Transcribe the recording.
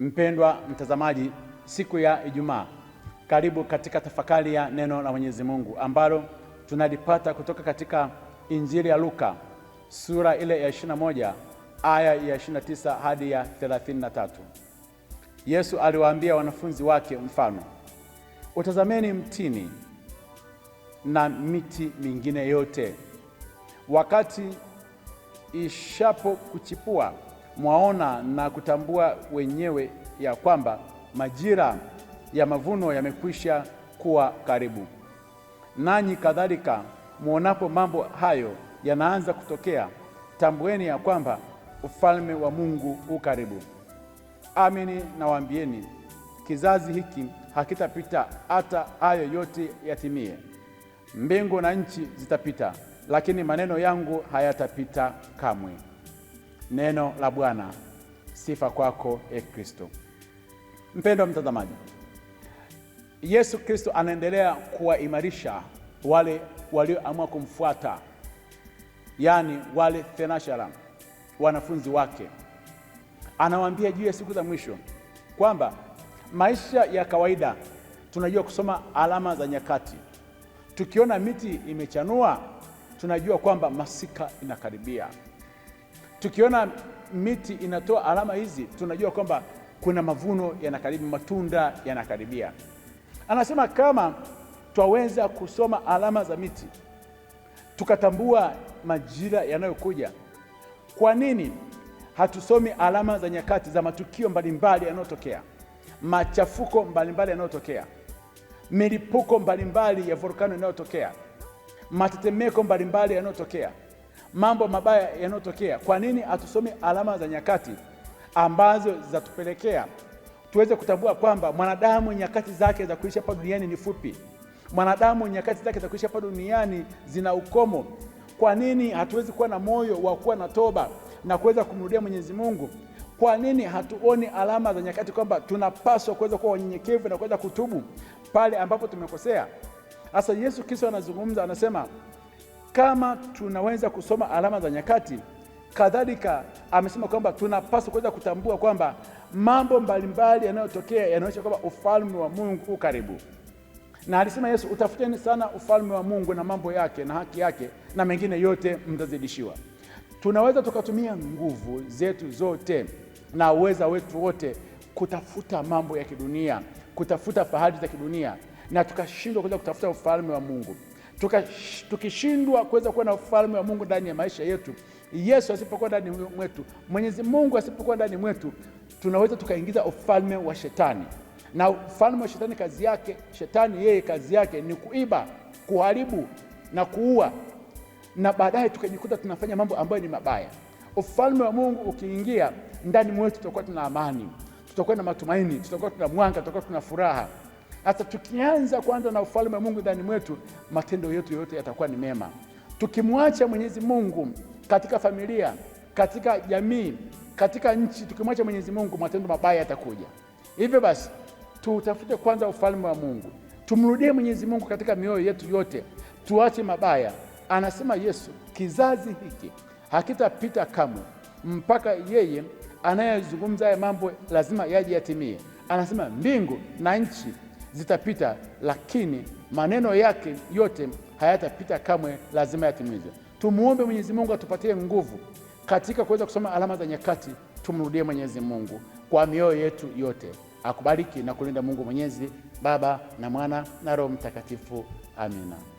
Mpendwa mtazamaji, siku ya Ijumaa, karibu katika tafakari ya neno la Mwenyezi Mungu ambalo tunalipata kutoka katika Injili ya Luka sura ile ya 21 aya ya 29 hadi ya 33. Yesu aliwaambia wanafunzi wake mfano, utazameni mtini na miti mingine yote, wakati ishapo kuchipua mwaona na kutambua wenyewe ya kwamba majira ya mavuno yamekwisha kuwa karibu. Nanyi kadhalika mwonapo mambo hayo yanaanza kutokea, tambueni ya kwamba ufalme wa Mungu u karibu. Amini nawaambieni, kizazi hiki hakitapita hata hayo yote yatimie. Mbingu na nchi zitapita, lakini maneno yangu hayatapita kamwe. Neno la Bwana. Sifa kwako e Kristo. mpendo wa mtazamaji, Yesu Kristo anaendelea kuwaimarisha wale walioamua kumfuata, yaani wale thenashara, wanafunzi wake. Anawaambia juu ya siku za mwisho kwamba maisha ya kawaida tunajua kusoma alama za nyakati. Tukiona miti imechanua, tunajua kwamba masika inakaribia tukiona miti inatoa alama hizi, tunajua kwamba kuna mavuno yanakaribia, matunda yanakaribia. Anasema kama twaweza kusoma alama za miti tukatambua majira yanayokuja, kwa nini hatusomi alama za nyakati za matukio mbalimbali yanayotokea, machafuko mbalimbali yanayotokea, milipuko mbalimbali ya volkano inayotokea, matetemeko mbalimbali yanayotokea mambo mabaya yanayotokea. Kwa nini hatusomi alama za nyakati ambazo zatupelekea tuweze kutambua kwamba mwanadamu nyakati zake za kuishi hapa duniani ni fupi, mwanadamu nyakati zake za kuishi hapa duniani zina ukomo. Kwa nini hatuwezi kuwa na moyo wa kuwa na toba na kuweza kumrudia Mwenyezi Mungu? Kwa nini hatuoni alama za nyakati kwamba tunapaswa kuweza kuwa wanyenyekevu na kuweza kutubu pale ambapo tumekosea? Sasa Yesu Kristo anazungumza, anasema kama tunaweza kusoma alama za nyakati, kadhalika amesema kwamba tunapaswa kuweza kutambua kwamba mambo mbalimbali yanayotokea yanaonyesha kwamba ufalme wa Mungu u karibu, na alisema Yesu, utafuteni sana ufalme wa Mungu na mambo yake na haki yake, na mengine yote mtazidishiwa. Tunaweza tukatumia nguvu zetu zote na uweza wetu wote kutafuta mambo ya kidunia, kutafuta fahari za kidunia, na tukashindwa kuweza kutafuta ufalme wa Mungu tukishindwa kuweza kuwa na ufalme wa Mungu ndani ya maisha yetu, Yesu asipokuwa ndani mwetu, Mwenyezi Mungu asipokuwa ndani mwetu, tunaweza tukaingiza ufalme wa shetani. Na ufalme wa shetani kazi yake, shetani yeye kazi yake ni kuiba, kuharibu na kuua, na baadaye tukajikuta tunafanya mambo ambayo ni mabaya. Ufalme wa Mungu ukiingia ndani mwetu, tutakuwa tuna amani, tutakuwa na matumaini, tutakuwa tuna mwanga, tutakuwa tuna furaha. Sasa tukianza kwanza na ufalme wa Mungu ndani mwetu, matendo yetu yote yatakuwa ni mema. Tukimwacha Mwenyezi Mungu katika familia, katika jamii, katika nchi, tukimwacha Mwenyezi Mungu, matendo mabaya yatakuja. Hivyo basi tutafute kwanza ufalme wa Mungu, tumrudie Mwenyezi Mungu katika mioyo yetu yote, tuache mabaya. Anasema Yesu, kizazi hiki hakitapita kamwe mpaka yeye anayezungumza haya mambo lazima yaje yatimie. Anasema mbingu na nchi zitapita, lakini maneno yake yote hayatapita kamwe, lazima yatimizwe. Tumwombe Mwenyezi Mungu atupatie nguvu katika kuweza kusoma alama za nyakati. Tumrudie Mwenyezi Mungu kwa mioyo yetu yote. Akubariki na kulinda Mungu Mwenyezi, Baba na Mwana na Roho Mtakatifu. Amina.